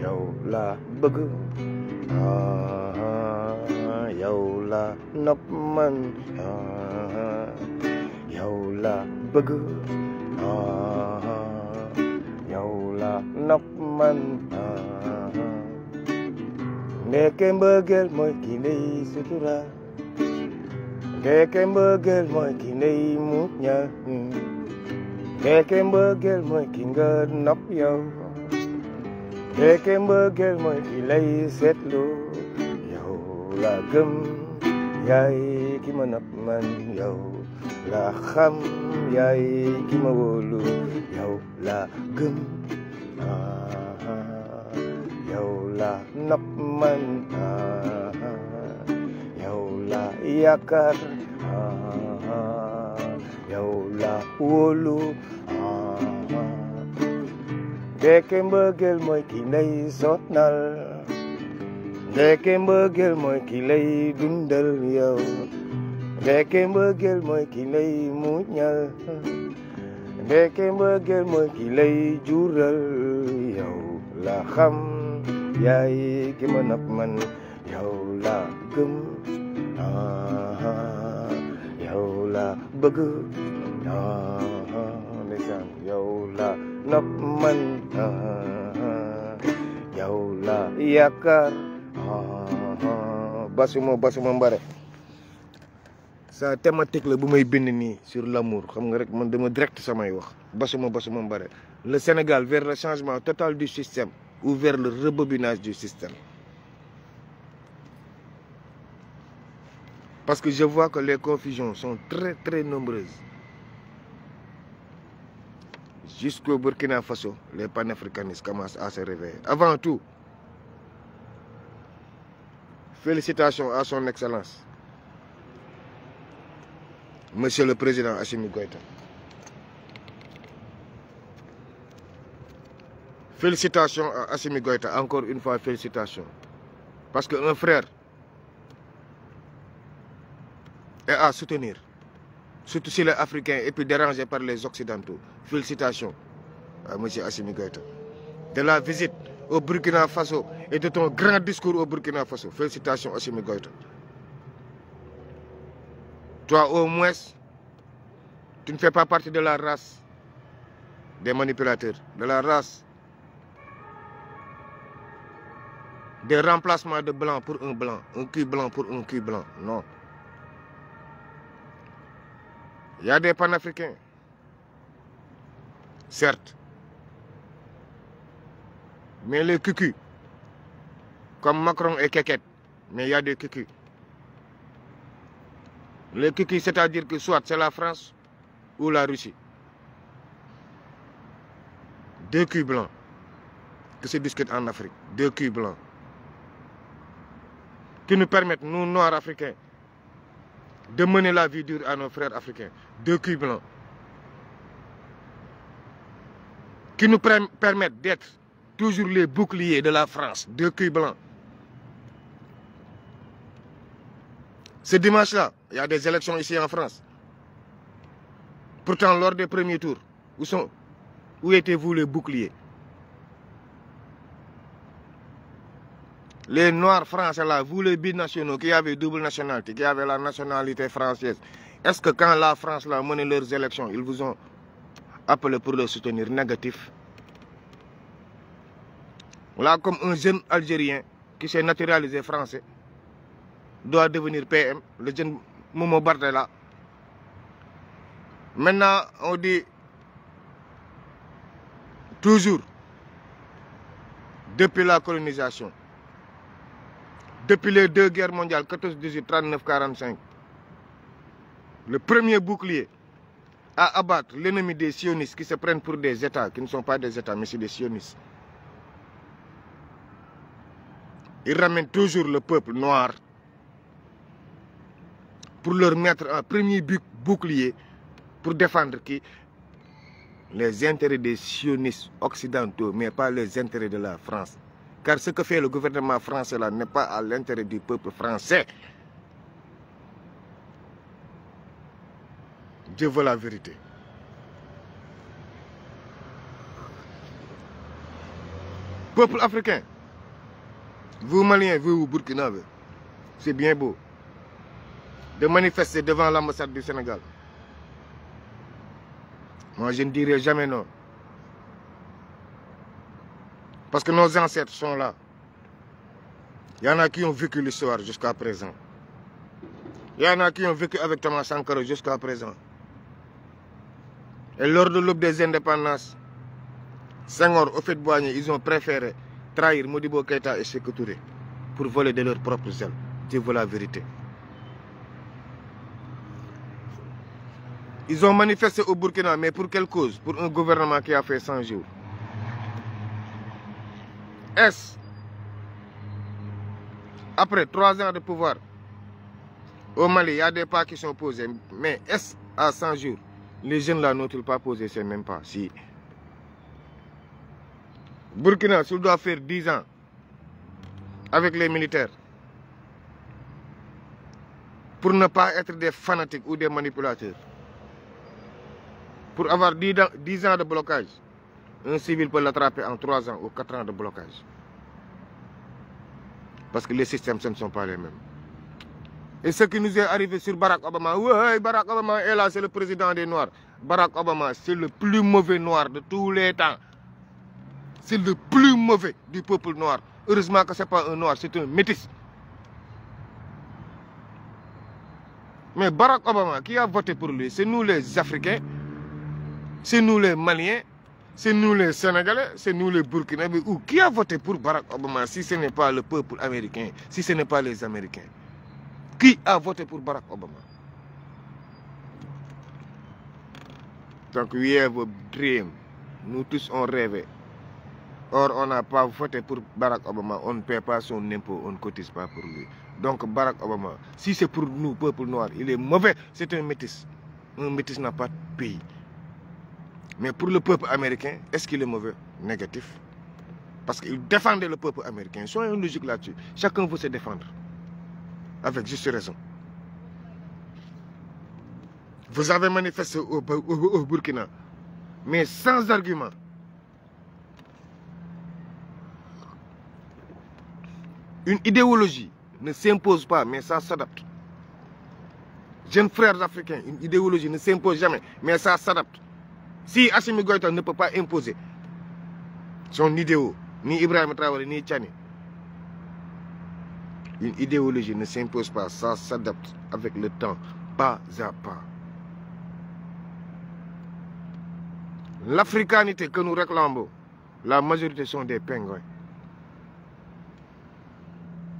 Yêu là bơ cứ à, là nắp măng yêu à, là bơ cứ à, là nắp măng à, nghe cái mơ ghét mọi kỳ này sự thứ ra nghe cái mơ ghét mọi kỳ này muốn nhớ Keke mơ gel mơ ki ngơ nắp yêu Keke mơ gel mơ ki lấy xét lô Yêu là gâm Yai ki mơ nắp man Yêu là khăm Yai ki mơ vô lù Yêu là gâm Yêu à, là nắp man Yêu à, là yakar dầu là ua lu để cái mơ gel mời kỳ lây rót nal để cái mơ gel mời kỳ lây đun đel yêu để cái mơ gel mời kỳ lây mũi nhờ để cái mơ gel mời kỳ lây chú rel yêu là khăm yai cái mơ nập mình yêu là cấm à, yêu là bơ Ah les la nopp man yow la Ah basuma C'est mbare sa thématique la bu may bind ni sur l'amour xam nga rek man dama direct samay wax basuma basuma mbare le Sénégal vers le changement total du système ou vers le rebobinage du système parce que je vois que les confusions sont très très nombreuses jusqu'au Burkina Faso, les panafricanistes commencent à se réveiller. Avant tout, félicitations à son Excellence, Monsieur le Président Assimi Goïta. Félicitations à Assimi Goïta, encore une fois félicitations. Parce qu'un frère est à soutenir surtout si les Africains et puis dérangés par les Occidentaux. Félicitations à M. Assimi Goïta. De la visite au Burkina Faso et de ton grand discours au Burkina Faso. Félicitations Assimi Goïta. Toi au moins, tu ne fais pas partie de la race des manipulateurs, de la race des remplacements de blanc pour un blanc, un cul blanc pour un cul blanc. Non. Il y a des panafricains, certes. Mais les cucus, comme Macron et Keket, mais il y a des cucus. Les cucus, c'est-à-dire que soit c'est la France ou la Russie. Deux culs blancs qui se discutent en Afrique. Deux culs blancs qui nous permettent, nous, Noirs africains, de mener la vie dure à nos frères africains, deux cubes blancs, qui nous permettent d'être toujours les boucliers de la France, deux cubes blancs. Ce dimanche-là, il y a des élections ici en France. Pourtant, lors des premiers tours, où, sont, où étaient-vous les boucliers Les Noirs français là, vous les binationaux qui avaient double nationalité, qui avaient la nationalité française, est-ce que quand la France a mené leurs élections, ils vous ont appelé pour le soutenir négatif Là, comme un jeune Algérien qui s'est naturalisé français doit devenir PM, le jeune Momo Bardella. Maintenant, on dit toujours depuis la colonisation. Depuis les deux guerres mondiales, 14-18, 39-45, le premier bouclier à abattre l'ennemi des sionistes qui se prennent pour des États, qui ne sont pas des États, mais c'est des sionistes. Ils ramènent toujours le peuple noir pour leur mettre un premier bouclier pour défendre qui les intérêts des sionistes occidentaux, mais pas les intérêts de la France. Car ce que fait le gouvernement français là n'est pas à l'intérêt du peuple français. Dieu veut la vérité. Peuple africain, vous Maliens, vous Faso, c'est bien beau de manifester devant l'ambassade du Sénégal. Moi, je ne dirai jamais non. Parce que nos ancêtres sont là. Il y en a qui ont vécu l'histoire jusqu'à présent. Il y en a qui ont vécu avec Thomas Sankara jusqu'à présent. Et lors de l'aube des indépendances, Senghor, au fait Boigny, ils ont préféré trahir Modibo Keita et Sékou pour voler de leurs propres ailes. Dieu voilà la vérité. Ils ont manifesté au Burkina, mais pour quelle cause Pour un gouvernement qui a fait 100 jours. Est, après trois ans de pouvoir au Mali, il y a des pas qui sont posés. Mais est-ce à 100 jours, les jeunes là n'ont-ils pas posé ces même pas. Si. Burkina, s'il doit faire dix ans avec les militaires, pour ne pas être des fanatiques ou des manipulateurs, pour avoir dix ans de blocage, un civil peut l'attraper en 3 ans ou 4 ans de blocage. Parce que les systèmes, ce ne sont pas les mêmes. Et ce qui nous est arrivé sur Barack Obama, oui, Barack Obama est là, c'est le président des Noirs. Barack Obama, c'est le plus mauvais noir de tous les temps. C'est le plus mauvais du peuple noir. Heureusement que ce n'est pas un noir, c'est un métis. Mais Barack Obama, qui a voté pour lui, c'est nous les Africains, c'est nous les Maliens, c'est nous les Sénégalais, c'est nous les Burkinabés. Ou qui a voté pour Barack Obama si ce n'est pas le peuple américain, si ce n'est pas les Américains Qui a voté pour Barack Obama Donc we have a dream. Nous tous on rêvait. Or, on n'a pas voté pour Barack Obama. On ne paie pas son impôt, on ne cotise pas pour lui. Donc, Barack Obama, si c'est pour nous, peuple noir, il est mauvais. C'est un métis. Un métis n'a pas de pays. Mais pour le peuple américain, est-ce qu'il est mauvais Négatif. Parce qu'il défendait le peuple américain. une logique là-dessus. Chacun veut se défendre. Avec juste raison. Vous avez manifesté au, au Burkina, mais sans argument. Une idéologie ne s'impose pas, mais ça s'adapte. Jeunes frères africains, une idéologie ne s'impose jamais, mais ça s'adapte. Si Assimi Goïta ne peut pas imposer son idéo, ni Ibrahim Traoré, ni Tchani, une idéologie ne s'impose pas, ça s'adapte avec le temps, pas à pas. L'africanité que nous réclamons, la majorité sont des pingouins.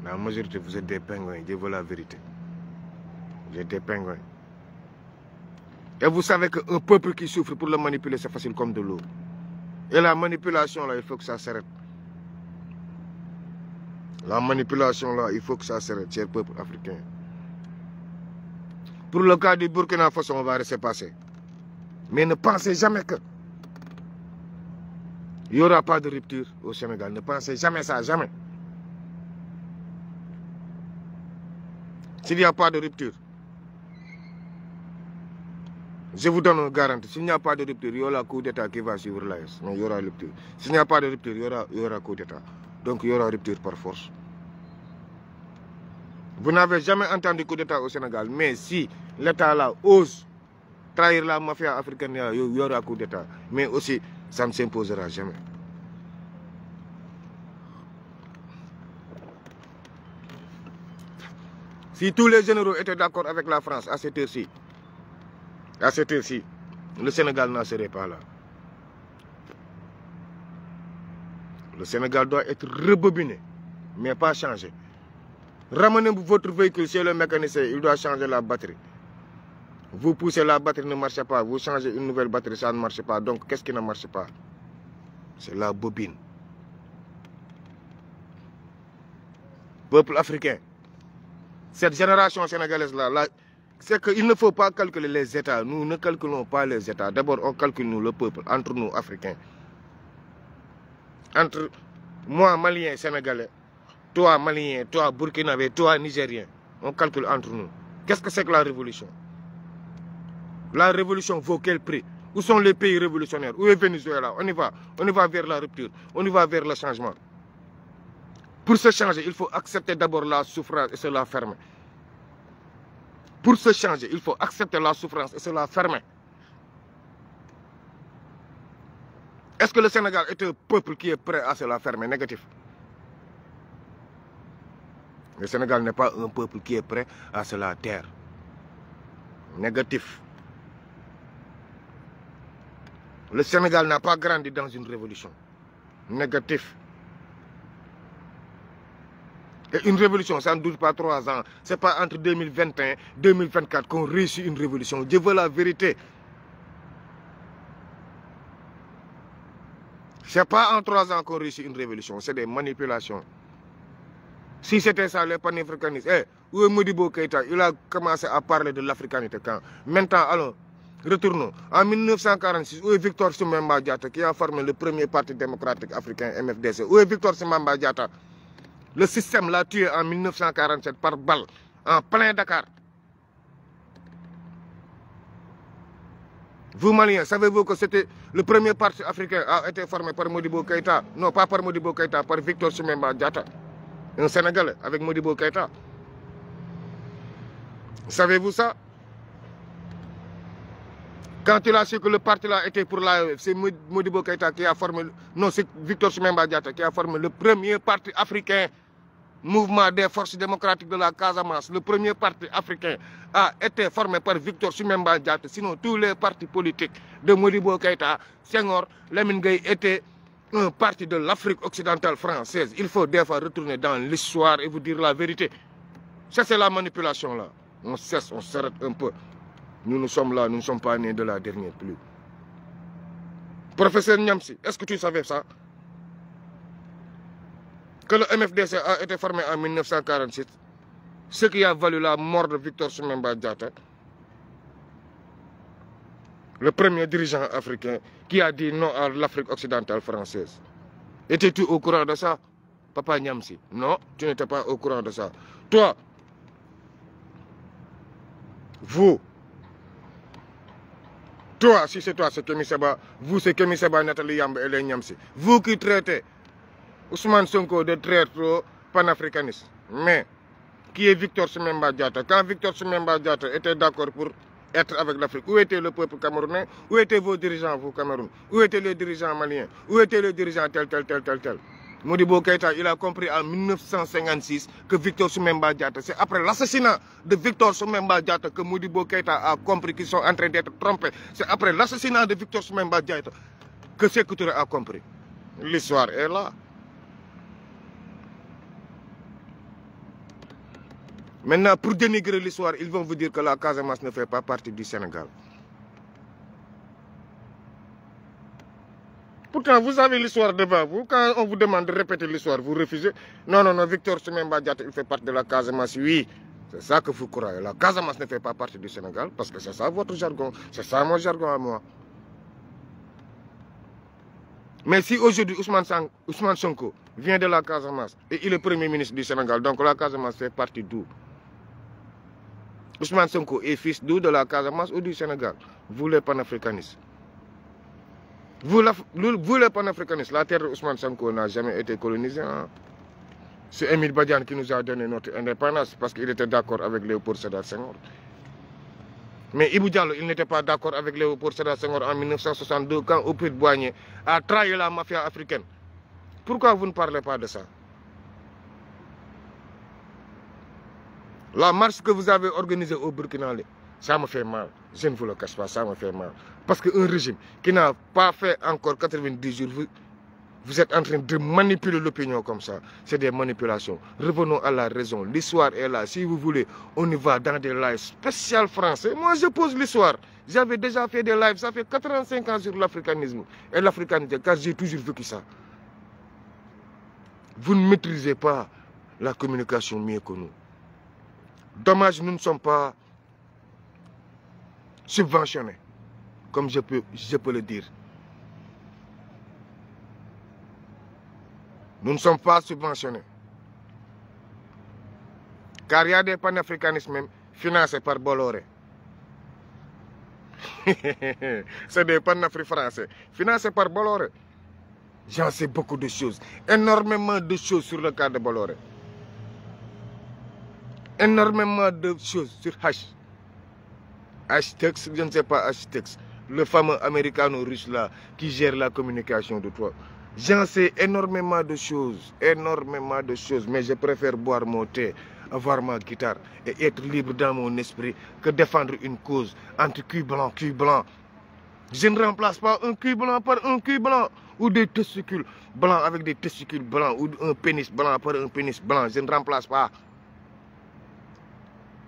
La majorité, vous êtes des pingouins, je vous la vérité. Vous êtes des pingouins. Et vous savez qu'un peuple qui souffre, pour le manipuler, c'est facile comme de l'eau. Et la manipulation, là, il faut que ça s'arrête. La manipulation, là, il faut que ça s'arrête, cher peuple africain. Pour le cas du Burkina Faso, on va rester passer. Mais ne pensez jamais que... Il n'y aura pas de rupture au Sénégal. Ne pensez jamais ça, jamais. S'il n'y a pas de rupture, je vous donne une garantie. S'il n'y a pas de rupture, il y aura coup d'État qui va suivre l'AS. Non, il y aura rupture. S'il n'y a pas de rupture, il y aura, il y aura coup d'État. Donc il y aura rupture par force. Vous n'avez jamais entendu coup d'État au Sénégal. Mais si l'État-là ose trahir la mafia africaine, il y aura coup d'État. Mais aussi, ça ne s'imposera jamais. Si tous les généraux étaient d'accord avec la France à cette heure-ci, à cette heure-ci, le Sénégal n'en serait pas là. Le Sénégal doit être rebobiné, mais pas changé. Ramenez votre véhicule c'est le mécanicien, il doit changer la batterie. Vous poussez la batterie, ne marche pas. Vous changez une nouvelle batterie, ça ne marche pas. Donc, qu'est-ce qui ne marche pas C'est la bobine. Peuple africain, cette génération sénégalaise-là, là c'est qu'il ne faut pas calculer les États. Nous ne calculons pas les États. D'abord, on calcule nous, le peuple, entre nous, Africains. Entre moi, Malien, Sénégalais, toi, Malien, toi, Burkinabé, toi, Nigérien. On calcule entre nous. Qu'est-ce que c'est que la révolution La révolution vaut quel prix Où sont les pays révolutionnaires Où est Venezuela On y va. On y va vers la rupture. On y va vers le changement. Pour se changer, il faut accepter d'abord la souffrance et se la fermer. Pour se changer, il faut accepter la souffrance et se la fermer. Est-ce que le Sénégal est un peuple qui est prêt à se la fermer Négatif. Le Sénégal n'est pas un peuple qui est prêt à se la taire. Négatif. Le Sénégal n'a pas grandi dans une révolution. Négatif une révolution, ça ne dure pas trois ans. Ce n'est pas entre 2021 et 2024 qu'on réussit une révolution. Je veux la vérité. Ce n'est pas en trois ans qu'on réussit une révolution. C'est des manipulations. Si c'était ça, les panafricanistes, eh, où est Modibo Keita Il a commencé à parler de l'africanité quand Maintenant, allons, retournons. En 1946, où est Victor Sumemba Diatta qui a formé le premier parti démocratique africain, MFDC Où est Victor Sumemba Diatta le système l'a tué en 1947 par balle, en plein Dakar. Vous, Maliens, savez-vous que c'était le premier parti africain a été formé par Modibo Keïta Non, pas par Modibo Keïta, par Victor Chimemba Diatta, un Sénégalais avec Modibo Keïta. Savez-vous ça Quand il a su que le parti là était pour l'AEF, c'est Modibo Keïta qui a formé... Non, c'est Victor Chimemba Diatta qui a formé le premier parti africain mouvement des forces démocratiques de la Casamance, le premier parti africain, a été formé par Victor Sumemba Sinon, tous les partis politiques de Modibo Keita, Senghor, Lamine étaient un parti de l'Afrique occidentale française. Il faut des fois retourner dans l'histoire et vous dire la vérité. C'est la manipulation là. On cesse, on s'arrête un peu. Nous, nous sommes là, nous ne sommes pas nés de la dernière pluie. Professeur Niamsi, est-ce que tu savais ça que le MFDC a été formé en 1947, ce qui a valu la mort de Victor Soumemba Diatta, le premier dirigeant africain qui a dit non à l'Afrique occidentale française. Étais-tu au courant de ça, Papa Niamsi Non, tu n'étais pas au courant de ça. Toi, vous, toi, si c'est toi, c'est Kemi vous, c'est Kemi Seba, Nathalie Yamba... et les Niamsi. Vous qui traitez Ousmane Sonko de traître panafricaniste. Mais qui est Victor Sumemba Diata Quand Victor Sumemba Diata était d'accord pour être avec l'Afrique, où était le peuple camerounais Où étaient vos dirigeants, vous, Cameroun Où étaient les dirigeants maliens Où étaient les dirigeants tel, tel, tel, tel, tel Modibo Keita, il a compris en 1956 que Victor Soumemba Diata... c'est après l'assassinat de Victor Soumemba Diata... que Modibo Keita a compris qu'ils sont en train d'être trompés. C'est après l'assassinat de Victor Soumemba Diata... que tu a compris. L'histoire est là. Maintenant, pour dénigrer l'histoire, ils vont vous dire que la Casamance ne fait pas partie du Sénégal. Pourtant, vous avez l'histoire devant vous. Quand on vous demande de répéter l'histoire, vous refusez. Non, non, non, Victor Sememba il fait partie de la Casamance, oui. C'est ça que vous croyez. La Casamance ne fait pas partie du Sénégal parce que c'est ça votre jargon. C'est ça mon jargon à moi. Mais si aujourd'hui Ousmane, Ousmane, Sonko vient de la Casamance et il est Premier ministre du Sénégal, donc la Casamance fait partie d'où Ousmane Sonko est fils d'où de la Casamance ou du Sénégal Vous les panafricanistes. Vous, la, panafricaniste. la terre d'Ousmane Sonko n'a jamais été colonisée. Hein. C'est Emile Badian qui nous a donné notre indépendance parce qu'il était d'accord avec Léopold Sédar Senghor. Mais Ibou Diallo, il n'était pas d'accord avec Léopold Sédar Senghor en 1962 quand de Boigné a trahi la mafia africaine. Pourquoi vous ne parlez pas de ça La marche que vous avez organisée au Burkina, ça me fait mal. Je ne vous le cache pas, ça me fait mal. Parce qu'un régime qui n'a pas fait encore 90 jours, vous, vous êtes en train de manipuler l'opinion comme ça. C'est des manipulations. Revenons à la raison. L'histoire est là. Si vous voulez, on y va dans des lives spécial français. Moi, je pose l'histoire. J'avais déjà fait des lives. Ça fait 85 ans sur l'africanisme et l'africanité, car j'ai toujours vécu ça. Vous ne maîtrisez pas la communication mieux que nous. Dommage, nous ne sommes pas subventionnés, comme je peux, je peux le dire. Nous ne sommes pas subventionnés. Car il y a des panafricanismes financés par Bolloré. C'est des panafri français financés par Bolloré. J'en sais beaucoup de choses, énormément de choses sur le cas de Bolloré énormément de choses sur H. H-Tex, je ne sais pas H-Tex, le fameux américano-russe là qui gère la communication de toi. J'en sais énormément de choses, énormément de choses, mais je préfère boire mon thé, avoir ma guitare et être libre dans mon esprit que défendre une cause entre cul blanc, cul blanc. Je ne remplace pas un cul blanc par un cul blanc ou des testicules blancs avec des testicules blancs ou un pénis blanc par un pénis blanc. Je ne remplace pas.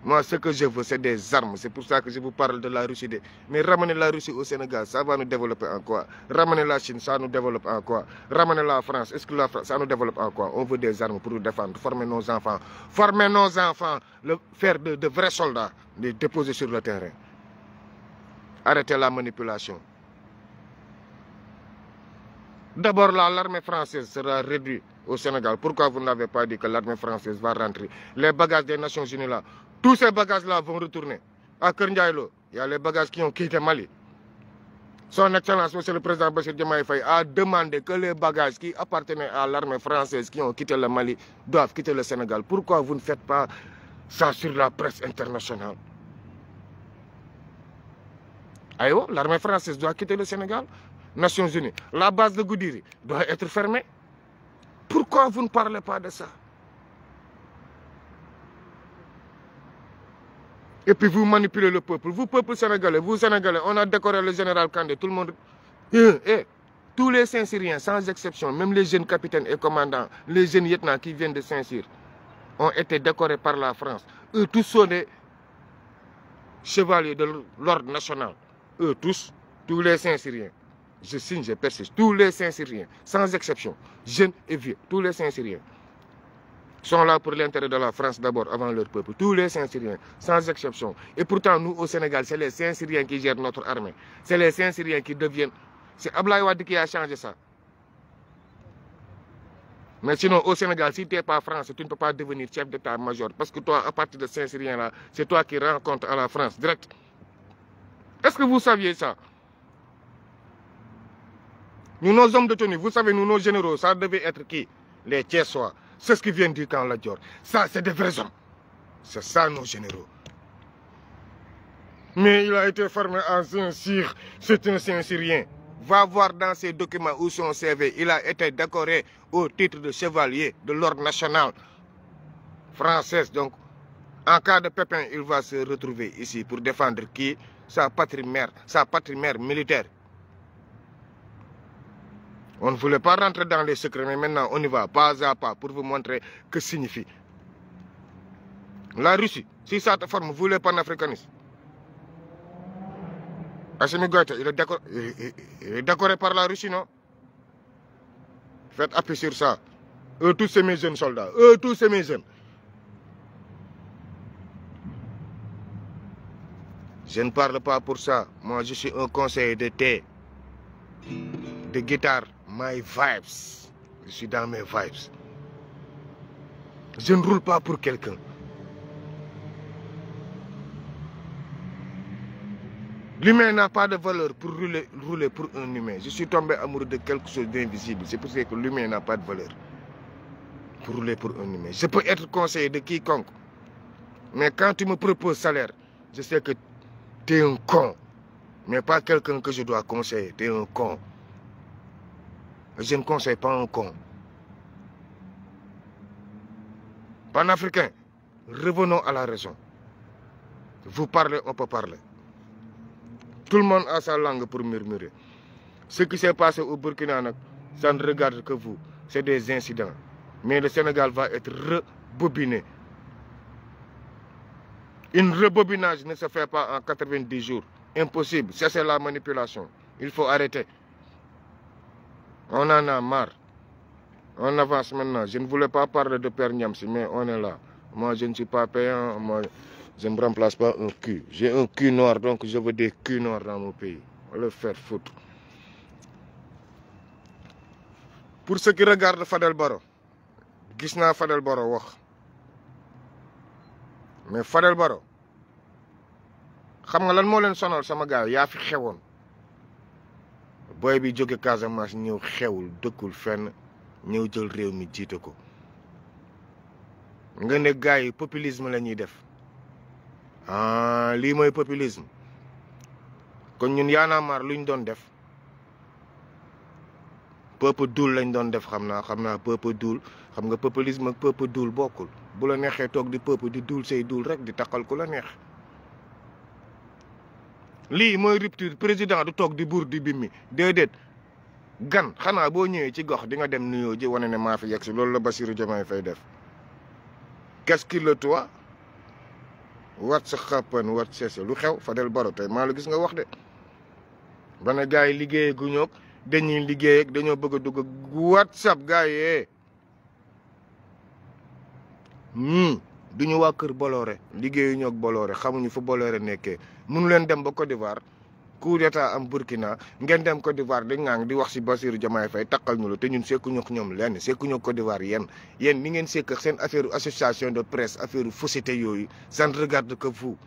Moi, ce que je veux, c'est des armes. C'est pour ça que je vous parle de la Russie. Mais ramener la Russie au Sénégal, ça va nous développer en quoi Ramener la Chine, ça nous développe en quoi Ramener la France, est-ce que la France, ça nous développe en quoi On veut des armes pour nous défendre, former nos enfants. Former nos enfants, le, faire de, vrais soldats, les déposer sur le terrain. Arrêtez la manipulation. D'abord, l'armée française sera réduite au Sénégal. Pourquoi vous n'avez pas dit que l'armée française va rentrer Les bagages des Nations Unies là, tous ces bagages-là vont retourner. À Kerndjaïlo, il y a les bagages qui ont quitté Mali. Son Excellence, Monsieur le Président Bachir Diomaye a demandé que les bagages qui appartenaient à l'armée française, qui ont quitté le Mali, doivent quitter le Sénégal. Pourquoi vous ne faites pas ça sur la presse internationale Aïe, l'armée française doit quitter le Sénégal. Nations Unies, la base de Goudiri doit être fermée. Pourquoi vous ne parlez pas de ça Et puis vous manipulez le peuple. Vous, peuple sénégalais, vous, sénégalais, on a décoré le général Kandé, tout le monde. Et tous les Saint-Syriens, sans exception, même les jeunes capitaines et commandants, les jeunes lieutenants qui viennent de Saint-Cyr, ont été décorés par la France. Eux tous sont des chevaliers de l'ordre national. Eux tous, tous les Saint-Syriens. Je signe, je persiste. Tous les Saint-Syriens, sans exception, jeunes et vieux, tous les Saint-Syriens sont là pour l'intérêt de la France d'abord, avant leur peuple. Tous les Saint-Syriens, sans exception. Et pourtant, nous, au Sénégal, c'est les Saint-Syriens qui gèrent notre armée. C'est les Saint-Syriens qui deviennent... C'est Ablaï qui a changé ça. Mais sinon, au Sénégal, si tu n'es pas France, tu ne peux pas devenir chef d'état-major. Parce que toi, à partir de Saint-Syrien, là, c'est toi qui rencontres à la France, direct. Est-ce que vous saviez ça Nous, nos hommes de tenue, vous savez, nous, nos généraux, ça devait être qui Les Tchessois. C'est ce qui vient du la Dior. Ça, c'est des vrais hommes. C'est ça, nos généraux. Mais il a été formé en saint C'est un syrien Va voir dans ses documents où son CV. Il a été décoré au titre de chevalier de l'ordre national français. Donc, en cas de pépin, il va se retrouver ici pour défendre qui Sa patrie sa patrie mère militaire. On ne voulait pas rentrer dans les secrets, mais maintenant on y va pas à pas pour vous montrer que signifie. La Russie, si ça te forme, vous voulez panafricanistes. Assimi il est décoré par la Russie, non Faites appui sur ça. Eux tous, ces mes jeunes soldats. Eux tous, ces mes jeunes. Je ne parle pas pour ça. Moi, je suis un conseiller de thé, de guitare my vibes. Je suis dans mes vibes. Je ne roule pas pour quelqu'un. L'humain n'a pas de valeur pour rouler, rouler, pour un humain. Je suis tombé amoureux de quelque chose d'invisible. C'est pour ça que l'humain n'a pas de valeur pour rouler pour un humain. Je peux être conseiller de quiconque. Mais quand tu me proposes salaire, je sais que tu es un con. Mais pas quelqu'un que je dois conseiller. Tu es un con. Je ne conseille pas un con. Africain. revenons à la raison. Vous parlez, on peut parler. Tout le monde a sa langue pour murmurer. Ce qui s'est passé au Burkina, ça ne regarde que vous. C'est des incidents. Mais le Sénégal va être rebobiné. Un rebobinage ne se fait pas en 90 jours. Impossible. Ça, C'est la manipulation. Il faut arrêter. On en a marre. On avance maintenant. Je ne voulais pas parler de Père Niamsi, mais on est là. Moi, je ne suis pas payant. je ne me remplace pas un cul. J'ai un cul noir, donc je veux des culs noirs dans mon pays. On va le faire foutre. Pour ceux qui regardent Fadel Baro, Gisna Fadel Baro, mais Fadel Baro, xam nga lan moo ça sama gars booy bi jóge Casamance ñëw xewul dëkkul fenn ñëw jël réew mi jiite ko nga ne gars yi populisme la ñuy def ah lii mooy populisme kon ñun yaanaamaar luñ doon def pëpp duul lañ doon def xam naa xam naa pëpp duul xam nga populisme ak pëpp duul bokkul bu la neexee toog di pëpp di duul say duul rek di taqal ku la neex lii mooy rupture président du toog di buur di bimmi déedéet gan xanaa boo ñëwee ci gox di nga dem nuyoo ji wane ne maa fi yegg si loolu la Bassirou Diomaye Faye def kes kilo qu'il wat sa what's happen what's cessé lu xew Fadel Barro tey maa la gis nga wax de ba ne gars yi liggéey gu ñoog dañuy liggéey dañoo bëgg a dugg whatsapp gars yi ñii hmm. du ñu waa kër Bolloré liggéeyuñu ak Bolloré xamuñu fu Bolloré nekkee mënu leen dem ba Côte d'Ivoire coup d'état am Burkina ngeen dem Côte d'Ivoire di ngang di wax si Bassirou Diomaye fay takkal ñu la te ñun sekkuñu ak ñoom lenn sekkuñu ak Côte d'Ivoire yéen yéen ni ngeen sekk ak seen affaire association de presse affaire fausseté yooyu ça ne regarde que vous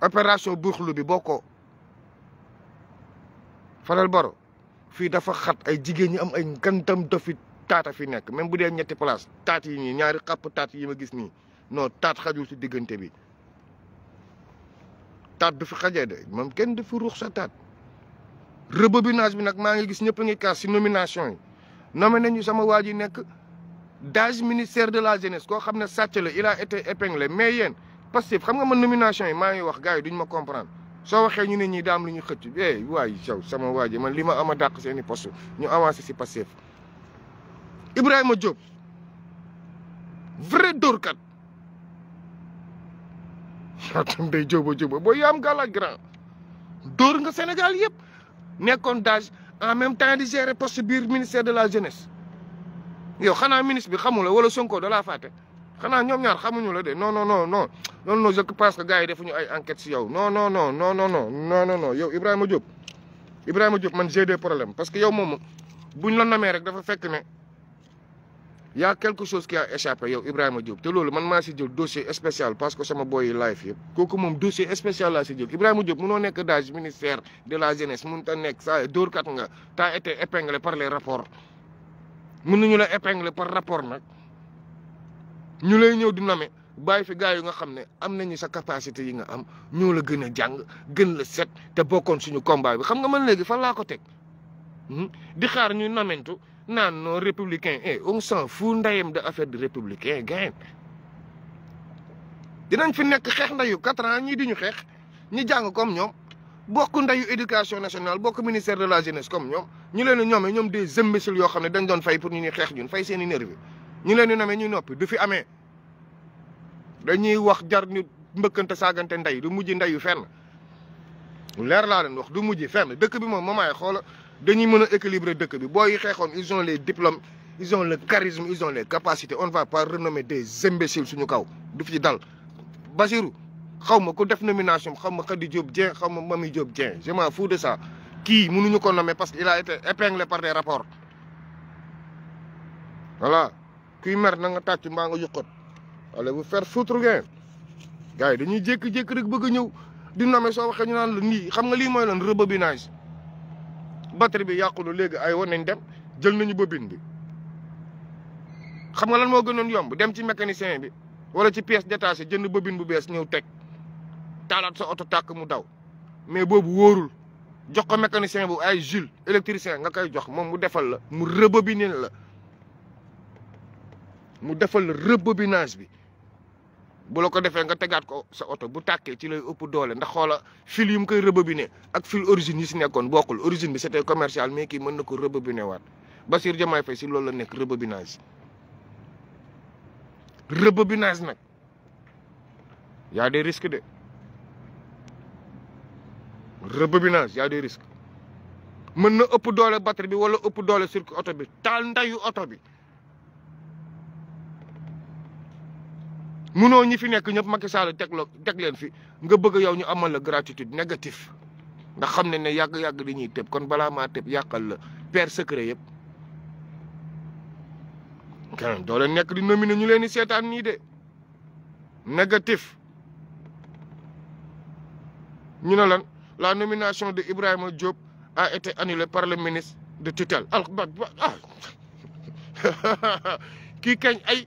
opération buuxlu bi boo ko falal boro fii dafa xat ay jigéen ñi am ay ngantam dofit taata fi nekk même bu dee ñetti place taat yi ñii ñaari xàpp yi ma gis nii non tat xajul ci digënté bi tat du fi xajee dé moom kenn du fi ruux sa taat rebobinage bi nak ma ngi gis ñëpp a ngi kaas ci nomination yi nommé nañu sama waji nek nekk DAGE ministère de la jeunesse ko xamné ne sàcc la il a été épinglé mais yéen Pastef xam nga ma nomination yi maa ngi wax gaay yi duñ ma comprendre so waxé ñu nit ñi daam lu ñu xëcc eh waay yow sama waji man lima ama dàq seeni poste ñu avancé ci Pastef Ibrahima Diop vrai dorkat saatam day jóoba jóoba boo yaam gàlla grand dóor nga Sénégal yëpp nekkoon dage en même temps di gérer poste biir ministère de la jeunesse yow xanaa ministre bi xamu la wala Sonko da laa fàtte xanaa ñoom ñaar xamuñu la de non non non non non non je pense que gars yi defuñu ay enquête yow non non non non non Ibrahima Diop Ibrahima Diop man j'ai des problèmes parce que yow moom buñ la namee rek dafa fekk ne. y a quelque chose qui a échappé yow Ibrahima Diop te loolu man maa si jël dossier spécial parce que sama boy yi live yëpp kooku moom dossier spécial laa si jël Ibrahima Diop munoo nekk daaj ministère de la jeunesse mun ta nekk saa dóorkat nga t'as été épinglé par les rapports mun nañu la épingler par rapport nag ñu lay ñëw di name bàyyi fi gars nga xam ne am nañu sa capacité yi nga am ñoo la gën a jàng gën la set te bokkoon suñu combat bi xam nga man léegi fan laa ko teg hmm? di xaar ñu namentu naan non républicain eh on s'en fout ndeyam de affaire de républicain gain dinañ fi nekk xeex ndeyu quatre ans ñii di ñu xeex ñi jàng comme ñoom bokk ndeyu éducation nationale bokk ministère de la jeunesse comme ñoom ñu leen ñoom ñoome ñoom des imbéciles yoo xam ne dañ doon fay pour ñu ñuy xeex ñun fay seen i nervi ñu leen di nomee ñu noppi du fi amee dañuy wax jar ñu mbëkkante saagante ndey du mujj ndeyu fenn leer laa leen wax du mujj fenn dëkk bi moom mamaay xoola dañuy mën a équilibrer dëkk bi booy yi ils ont les diplômes ils ont le charisme ils ont les capacités on ne va pas renommer des imbéciles suñu kaw du fi dal Basirou xaw ma ku def nomination xaw ma Khady Diop Dieng xaw ma Mamy Diop Dieng je m'en fous de ça kii mënuñu ko nommer parce qu'il a été épinglé par des rapports voilà kuy mer na nga tàcc mbaa nga yuqat allez vous faire foutre ngeen gars yi dañuy jékki-jékki rek bëgg a ñëw di nommer soo waxee ñu naan le ni, xam nga lii lan rebobinage batterie bi yàqu na léegi ay woon nañ dem jël nañu bobine bi xam nga lan moo gënoon yomb dem ci mécanicien bi wala ci pièce détachée jënd bobine bu bees ñëw teg taalaat sa oto tàkk mu daw mais boobu wóorul jox ko mécanicien bu ay Jules électricien nga koy jox moom mu defal la mu rebobiné la mu defal la rebobinage bi bu la ko defee nga tegaat ko sa oto bu tàkkee ci lay ëpp doole ndax xoola fil yi mu koy rëbëbine ak fil origine yi si nekkoon bokkul origine bi c'était commercial mais kii mën na ko rëbëbine waat Bassirou Diomaye Faye si loolu la nekk rëbëbinage rëbëbinage nag y a des risques de rëbëbinage y a des risques mën na ëpp doole batterie bi wala ëpp doole circuit oto bi taal ndayu oto bi munoo ñi fi nekk ñëpp Macky Sall teg la fi nga bëgg yow ñu amal la gratitude négatif nga xam ne ne yàgg-yàgg dañuy tëb kon balaa maa tëb yàqal la père secret yëpp quand doo nekk di nominé ñu leen seetaan nii de négatif ñu ne lan la nomination de Ibrahima Diop a été annulée par le ministre de tutelle al ah kii kañ ay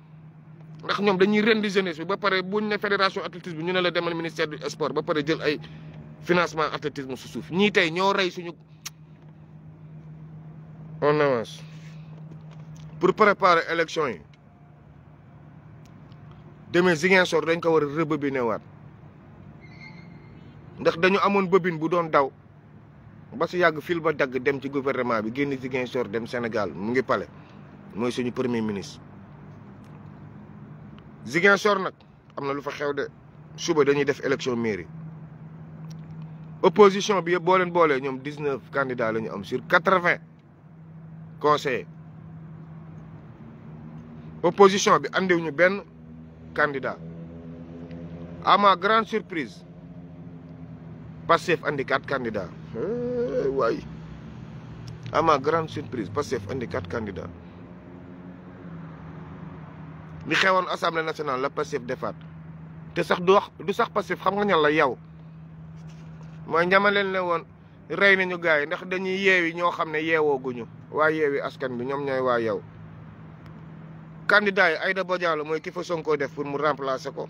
ndax ñoom dañuy rendi jeunesse bi ba pare buñ ne fédération athlétisme bi ñu ne la demal ministère du sport ba pare jël ay financement athlétisme su suuf ñii tey ñoo rey suñu on avance pour préparer élection yi demee Ziguinchor dañ ko war a rebëbinewaat ndax dañu amoon ba bëbin bu doon daw ba si yàgg fil ba dagg dem ci gouvernement bi génn Ziguinchor dem Sénégal mu ngi pale mooy suñu premier ministre Ziguinchor nag am na lu fa xew de suba dañuy def élection mairie opposition bi yëpp boo boolee ñoom dix neuf candidats la am sur quatre vingt conseillers opposition bi andiwuñu benn candidat à grand grande surprise Pastef andi quatre candidats waay à ma grande surprise Pastef andi quatre candidats. li xewoon assemblée nationale la Pastef defaat te sax du wax du sax Pastef xam nga ñan la yow mooy ñamaleen ne woon rey nañu gars yi ndax dañuy yeewi ñoo xam ne yeewooguñu waa yeewi askan bi ñoom ñooy waa yow. candidat yi Aïda Bodialo mooy ki fa Sonko def pour mu remplacer ko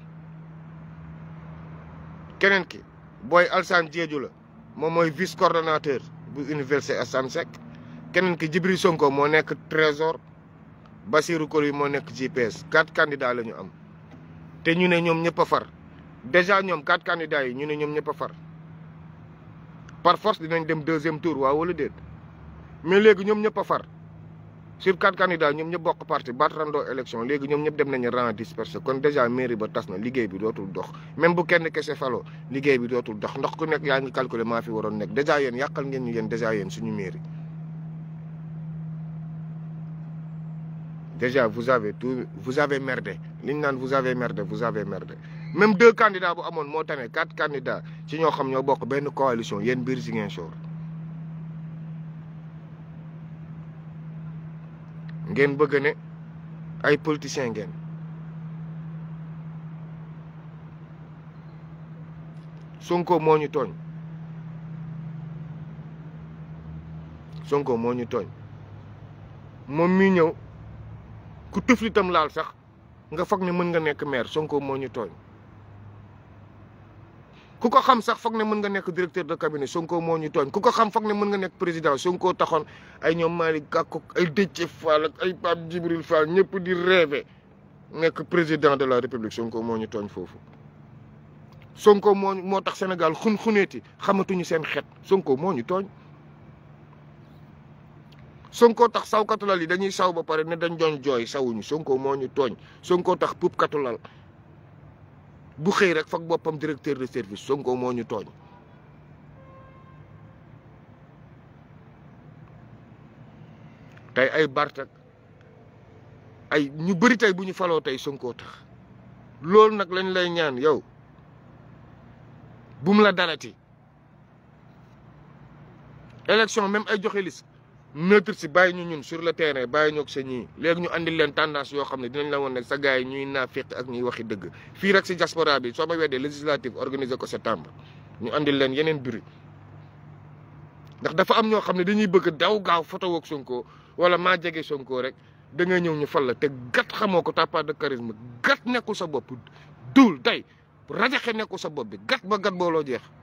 keneen ki booy Alsane Diedhiou la moom mooy vice coordonnateur bu université Assane Seck keneen ki Djibril Sonko moo nekk trésor Bassirou Kol yi moo nekk GPS quatre candidats la ñu am te ñu ne ñoom ñëpp a far déjà ñoom quatre candidats yi ñu ne ñoom ñëpp a far par force dinañ dem deuxième tour waaw wala déet mais léegi ñoom ñëpp a far sur quatre candidats ñoom ñëpp bokk parti battrandoo élection léegi ñoom ñëpp dem nañu rang dispersé kon déjà mairie ba tas na liggéey bi dootul dox même bu kenn kese faloo liggéey bi dootul dox ndox ku nekk yaa ngi calculer maa fi waroon nekk déjà yéen yàqal ngeen ñu yéen déjà déjà vous avez tout vous avez merdé Linnan, vous avez merdé vous avez merdé même deux candidats bu quatre candidats ci ne xam pas, bokk coalition une ngeen bëgg ay politiciens ngeen Sonko moo ñu Sonko moo ñu ku tëflitam laal sax nga foog ne mën nga nekk maire Sonko moo ñu tooñ ku ko xam sax foog ne mën nga nekk directeur de cabinet Sonko moo ñu tooñ ku ko xam foog ne mën nga nekk président Sonko taxoon ay ñoom Malick Gakou ay Déthié Fall ak ay Pape Djibril Fall ñëpp di rêver nekk président de la république Sonko moo ñu tooñ foofu. Sonko moo moo tax Sénégal xun xuneeti xamatuñu seen xeet Sonko moo ñu tooñ. Sonko tax saw katulal yi dañuy saw ba pare ne dañ doon jooy sawuñu Sonko moo ñu tooñ Sonko tax puub katulal bu xëy rek fag boppam directeur de service Sonko moo ñu tooñ tey ay bartak ay ñu bëri tey bu ñu faloo tey Sonko tax loolu nag lañ lay ñaan yow bu mu la dalati élection même ay joxelis neutre si bàyyi ñu ñun sur le terrain bàyyi ñoo ko sa ñii léegi ñu andil leen tendance yoo xam ne dina dinañ la woon ne sa gars yi ñuy naa féq ak ñuy waxi dëgg fii rek si diaspora bi soo ma weddee législative organisé ko septembre ñu andil leen yeneen bruit ndax dafa am ñoo xam ne dañuy bëgg daw gaaw photo ak Sonko wala maa jege Sonko rek da ngay ñëw ñu fal la te gat xamoo ko tappa de charisme gat nekkul sa bopp duul day rajaxe nekkul sa bopp bi gat ba gat booloo jeex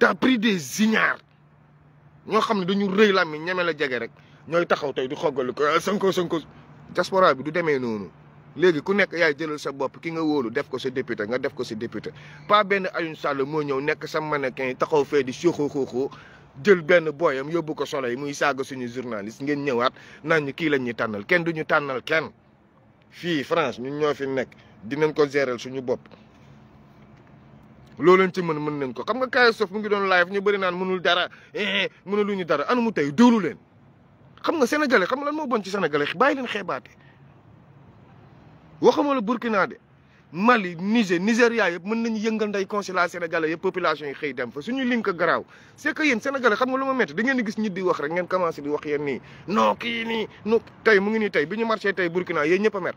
t'as pris des ignares ñoo xam ne dañu rëy la mi ñeme la jege rek ñooy taxaw tey di xoggalu ko ah, Sonko Sonko diaspora bi du demee noonu léegi ku nekk yaay jëlal sa bopp ki nga woolu def ko sa député nga def ko sa député pas benn Alioune Sall moo ñëw nekk sa mannequin taxaw fee di soxoxoxoo jël benn booyam yóbbu ko solo yi muy saaga suñu journaliste ngeen ñëwaat naan ñu kii lañ ñu tànnal kenn du ñu tànnal kenn fii France ñun ñoo fi nekk dinañ ko gérer suñu bopp. loo leen ci mën mën nañ ko xam nga sof mu ngi doon live ñu bari naan mënul dara eh mënuluñu dara anu mu tay doolu leen xam nga sénégalais xam lan mo bon ci sénégalais bay leen xébaaté waxuma la burkina dé mali niger nigeria yépp mën nañ yëngal nday consulat sénégalais yépp population yi xey dem fa suñu link graw c'est que yeen sénégalais xam nga luma metti da ngeen di gis ñit di wax rek ngeen commencé di wax yeen ni non ki ni no tay mu ngi ni tay biñu marché tay burkina yeen ñëpp a mer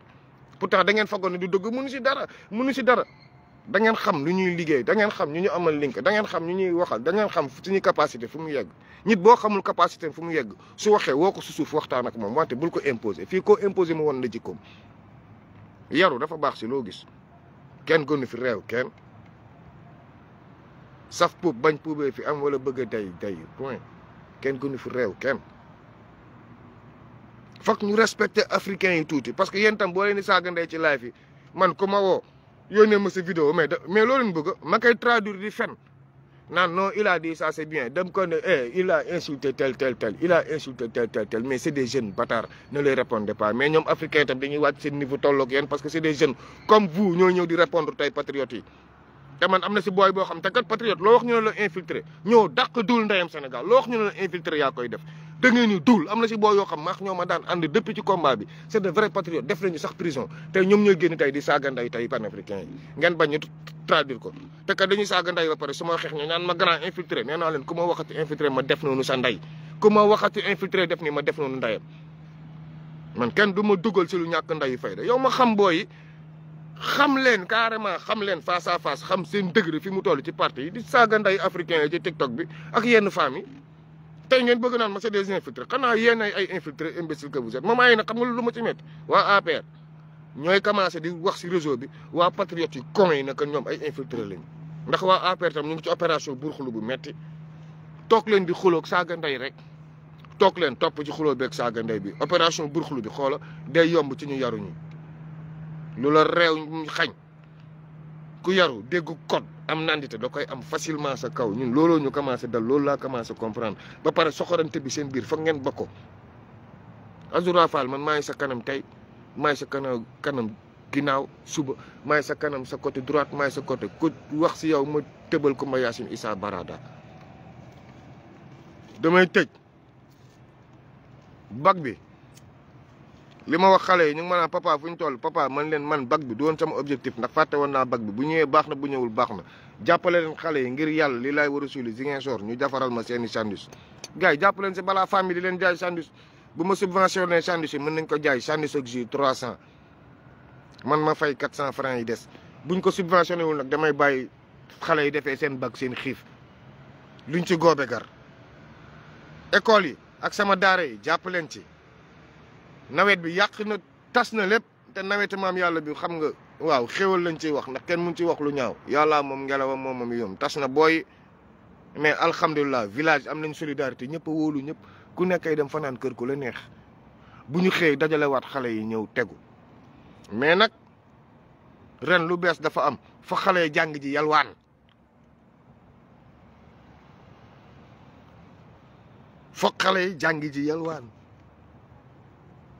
pourtant da ngeen fagoon du dëgg mënu ci dara mënu ci dara da ngeen xam lu ñuy liggéey da ngeen xam ñu ñu amal link dangeen xam ñu ñuy waxal da ngeen xam suñu capacité fu mu yegg nit boo xamul capacité fu mu yegg su waxee woo ko su suuf waxtaan ak moom wante bul ko imposer fii koo imposer mu woon la jikkoom yaru dafa baax si loo gis kenn gënu fi réew kenn saf puub bañ puubee fi am wala bëgg a day day point kenn gënu fi réew kenn fokk ñu respecter africains yi tuuti parce que yéen tam boo leen di saaga ndey ci live yi man ku ma yónnee ma sa vidéo mais mais loolu ñu bëgg ma kay traduire di fen non non il a dit ça c'est bien dem ko eh il a insulté tel tel tel il a insulté tel tel tel mais c'est des jeunes bâtards ne les répondez pas mais ñom africains tam dañuy wacc seen niveau tolloog yeen parce que c'est des jeunes comme vous ñoy ñëw di répondre tay patriote yi te man am na si booy xam té kat patriote lo wax ñu la infiltrer ñoo dàq dul ndayam Sénégal lo wax ñu la infiltrer ya koy def da ngay ñu dul amna ci si yo xam max ñoma daan ànd depuis ci combat bi c'est de vrai patriote def nañu sax prison te ñom ñoy gën tay di saganday tay tey panafricain ngeen bañu traduire ko te ka dañuy saganday ba paré suma xex ñu naan ma grand infiltré né na leen kuma ma waxati infiltré ma def nonu sa nday kuma ma waxati infiltré def ni ma def nonu nday man kenn duma ma ci lu ñak nday fayda yow ma xam boy xam leen carrément xam leen face à face xam seen degré fi mu toll ci parti di saganday africain ci tiktok bi ak yenn tey ngeen bëgg naan ma c'est des infiltrés xanaa yéen ay ay infiltrés imbéciles que vous êtes moment yi nag xam nga lu ma ci métti waa APR ñooy commencé di wax si réseau bi waa patriotes yi con yi nag ñoom ay infiltrés leen ndax waa APR tam ñu ngi ci opération buur xulu bu metti toog leen di xuloog saaga ndey rek toog leen topp ci xuloo beeg saaga ndey bi opération buur xulu bi xoola day yomb ci ñu yaruñu lu la réew xañ ku yaru dégg code am nandite da koy am facilement sa kaw ñun looloo ñu commencé dal loolu laa commencé comprendre ba pare soxorante bi seen biir foog ngeen bokko Azoura Fall man maa ngi sa kanam tey maa ngi sa kanam kanam ginnaaw suba maa ngi sa kanam sa côté droite maa sa côté ku wax si yow ma tëbal ko ma Yacine Issa Barada damay tëj bag bi li ma wax xale yi ñu ngi ma naan papa fu ñu toll papa man leen man bac bi doon sama objectif ndax fàtte woon naa bag bi bu ñëwee baax na bu ñëwul baax na jàppale leen xale yi ngir yàlla li laay war a suuli Ziguinchor ñu defaral ma seeni sandwich gars yi jàpp leen si balaa famille di leen jaay sandwich bu ma subventionné sandwich yi mën nañ ko jaay sandwich ak jus 300 man ma fay 400 francs yi des bu buñ ko subventionné wul nag damay bàyyi xale yi defee seen bac seen xiif luñ ci góobe gar école yi ak sama daara yi jàpp leen ci nawet bi yàq na tas na lépp te nawetu maam yàlla bi xam nga waaw xéwal lañ ciy wax ndax kenn mu ci wax lu ñaaw yàllaa moom ngelawa moom moom yom tas na booy mais alhamdulilah village am nañ solidarité ñëpp a wóolu ñëpp ku nekkay dem fanaan kër ku la neex bu ñu xëy dajalewaat xale yi ñëw tegu mais nag ren lu bees dafa am fa xale jàng ji yalwaan fa xale jàng ji yalwaan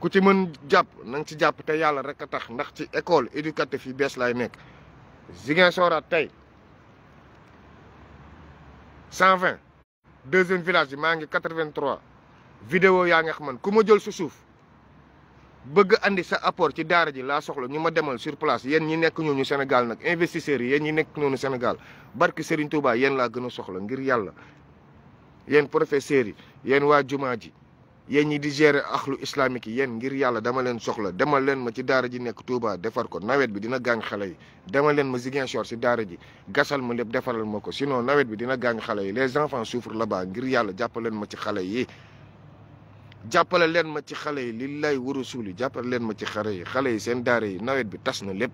ku ci mën jàpp na nga ci jàpp te yàlla rek a tax ndax ci école éducative yi bees laay nekk Ziguinchor tey cent vingt deuxième village bi maa ngi quatre vidéo yaa nga xam man ku ma jël su suuf bëgg andi sa apport ci daara ji laa soxla ñu ma demal sur place yéen ñi nekk ñooñu Sénégal nag investisseurs yi yéen ñi nekk noonu Sénégal barki Serigne Touba yéen laa gën a soxla ngir yàlla yéen professeurs yi yéen waa jumaa ji yéen ñi di gérer axlu islamique yi yéen ngir yàlla dama leen soxla demal leen ma ci daara ji nekk Touba defar ko nawet bi dina gaañ xale yi dama leen ma Ziguinchor si daara ji gasal ma lépp defaral ma ko sinon nawet bi dina gaañ xale yi les enfants souffrent là-bas ngir yàlla jàppaleen ma ci xale yi jàppale leen ma ci xale yi li lay war suuli jàppale leen ma ci xale yi xale yi seen daara yi nawet bi tas na lépp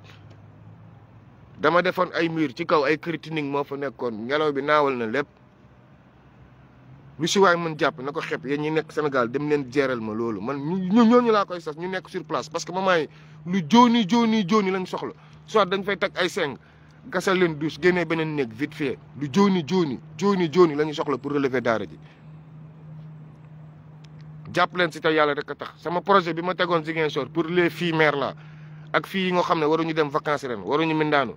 dama defoon ay mur ci kaw ay critinique moo fa nekkoon ngelaw bi naawal na lépp lu si waay man jàpp na ko xeeb yéen ñi nekk Sénégal dem leen jeeral ma loolu man ñu ñooñu laa koy sas ñu nekk sur place parce que moment yi lu jooni jooni jooni lañ soxla soit dañ fay teg ay seng gasal leen douche génnee beneen néeg vite fait lu jooni jooni jooni jooni la ñu soxla pour relever daara ji jàpp leen si tey yàlla rek a tax sama projet bi ma tegoon Ziguinchor pour les filles mères là ak fii yi nga xam ne war u ñu dem vacances ñu waruñu mindaanu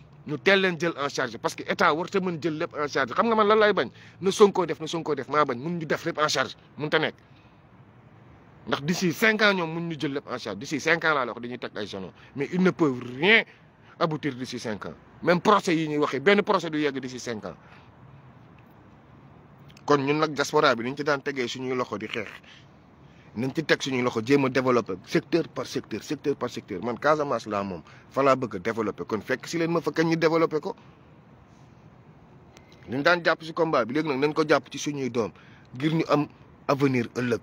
ñu teel leen jël en charge parce que état warta mën jël lépp en xam nga man lan lay bañ na Sonko def na Sonko def maa bañ mun ñu def lépp en charge mun ta nekk ndax d'ici si ans ñoom mun ñu jël lépp en charge si cinq ans laa la wax dañuy teg ay genoux mais ils ne peuvent rien aboutir d'ici cinq ans même procès yi ñuy waxee benn procès du yegg di si ans kon ñun nag diaspora bi ñu ci daan tegee suñuy loxo di xeex nañ ci teg suñu loxo jéem a développé secteur par secteur secteur par secteur man Casamance laa moom fa laa bëgg développé kon fekk si leen ma fa kañ ñu développé ko. liñ daan jàpp si combat bi léegi nag nañ ko jàpp ci suñuy doom ngir ñu am avenir ëllëg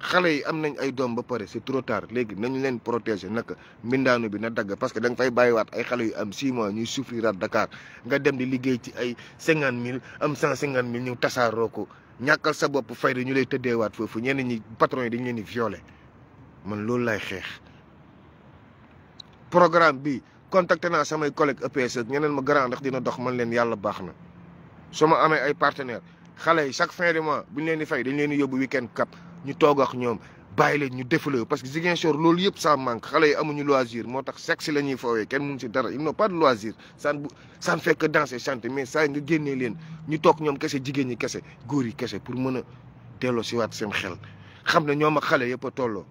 xale yi am nañ ay doom ba pare c'est trop tard léegi nañ leen protégé naka mbindaanu bi na dagg parce que da nga fay bàyyiwaat ay xale yu am 6 mois ñuy souffrir à Dakar nga dem di liggéey ci ay 50 000 am 150 000 ñu tasaaroo ko. ñàkkal sa bopp fay fayda ñu lay tëddeewaat foofu ñenn ñi patron yi dañ leen di violer man loolu lay xeex programme bi contacté naa samay collègue EPS ak ñeneen ma grand dina dox man leen yàlla baax na su ma amee ay partenaire xale yi chaque fin de mois bu ñu leen di fay dañu leen di yóbbu weekend cap ñu toog ak ñoom bàyyi leen ñu développé parce que Ziguinchor loolu yëpp ça manque allez yi amuñu loisir moo tax sexe la ñuy fowee kenn mënu dara ils n'ont pas de loisir ça ne fait que danser chanter mais ça ne génnee leen ñu toog ñoom qu'est-ce ñi kese góor yi kese pour mën a delloo si waat seen xel xam ne ñoom ak xale yëpp a tolloo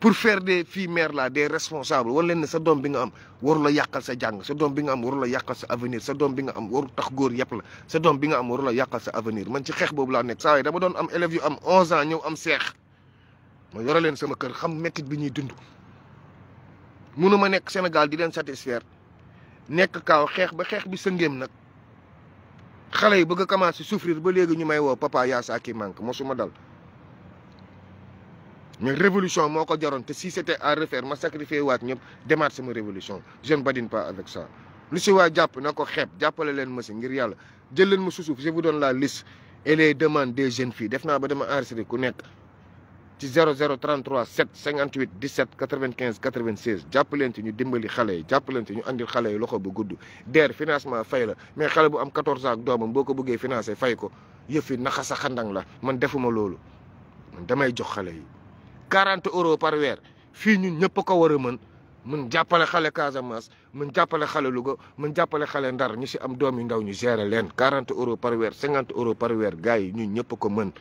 pour faire des filles mères là des responsables on leen ne sa doom bi nga am waru la yakal sa jang sa doom bi nga am waru la yakal sa avenir sa doom bi nga am waru tax góor yëpp la sa doom bi nga am waru la yakal sa avenir man ci xeex boobu laa nekk saa yi doon am élèves yu am 11 ans ñëw am seex ma yore leen sama kër xam mettit bi ñuy dund munu ma nekk Sénégal di leen satisfaire nekk kaaw xeex ba xeex bi sëngeem nag xale yi bëgg a commencé ba léegi ñu may woo papa yaa ki manque mosuma dal mais révolution moo ko jaroon te si c'était à refaire ma sacrifié waat ñëpp demaat sama révolution jeune ba din pas avec ça lu si waa jàpp na ko xeeb jàppale leen ma si ngir yàlla jël leen ma susuuf je vous donne la liste et les demandes des jeunes fi def naa ba dama enregistré ku nekk ci 00 33 7 58 17 95 96 jàppalante ñu dimbali xale yi jàppalante ñu andil xale yi loxo bu gudd DER financement fay la mais xale bu am 14 ans ak doomam boo ko bëggee financé fay ko yëf yi naxa sa xandang la man defuma loolu man damay jox xale yi quarante euros par weer fii ñun ñëpp ko war a mën mën jàppale xale Casamance man jàppale xale Louga mën jàppale xale Ndar ñu si am doom yu ndaw ñu gérer leen 40 euros par weer 50 euros par weer gars yi ñun ñëpp ko mën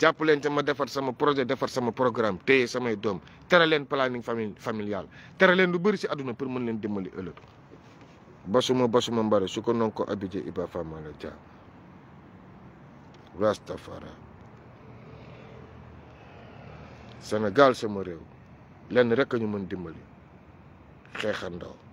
jàpp len te ma sama projet défar sama programme téye sama dom téré len planning familial téré len lu bëri si aduna pour mën len dimbali ëlëk basuma basuma mbare su ko iba famana dia rastafara sénégal sama rew len rek ñu mën dimbali xéxandaw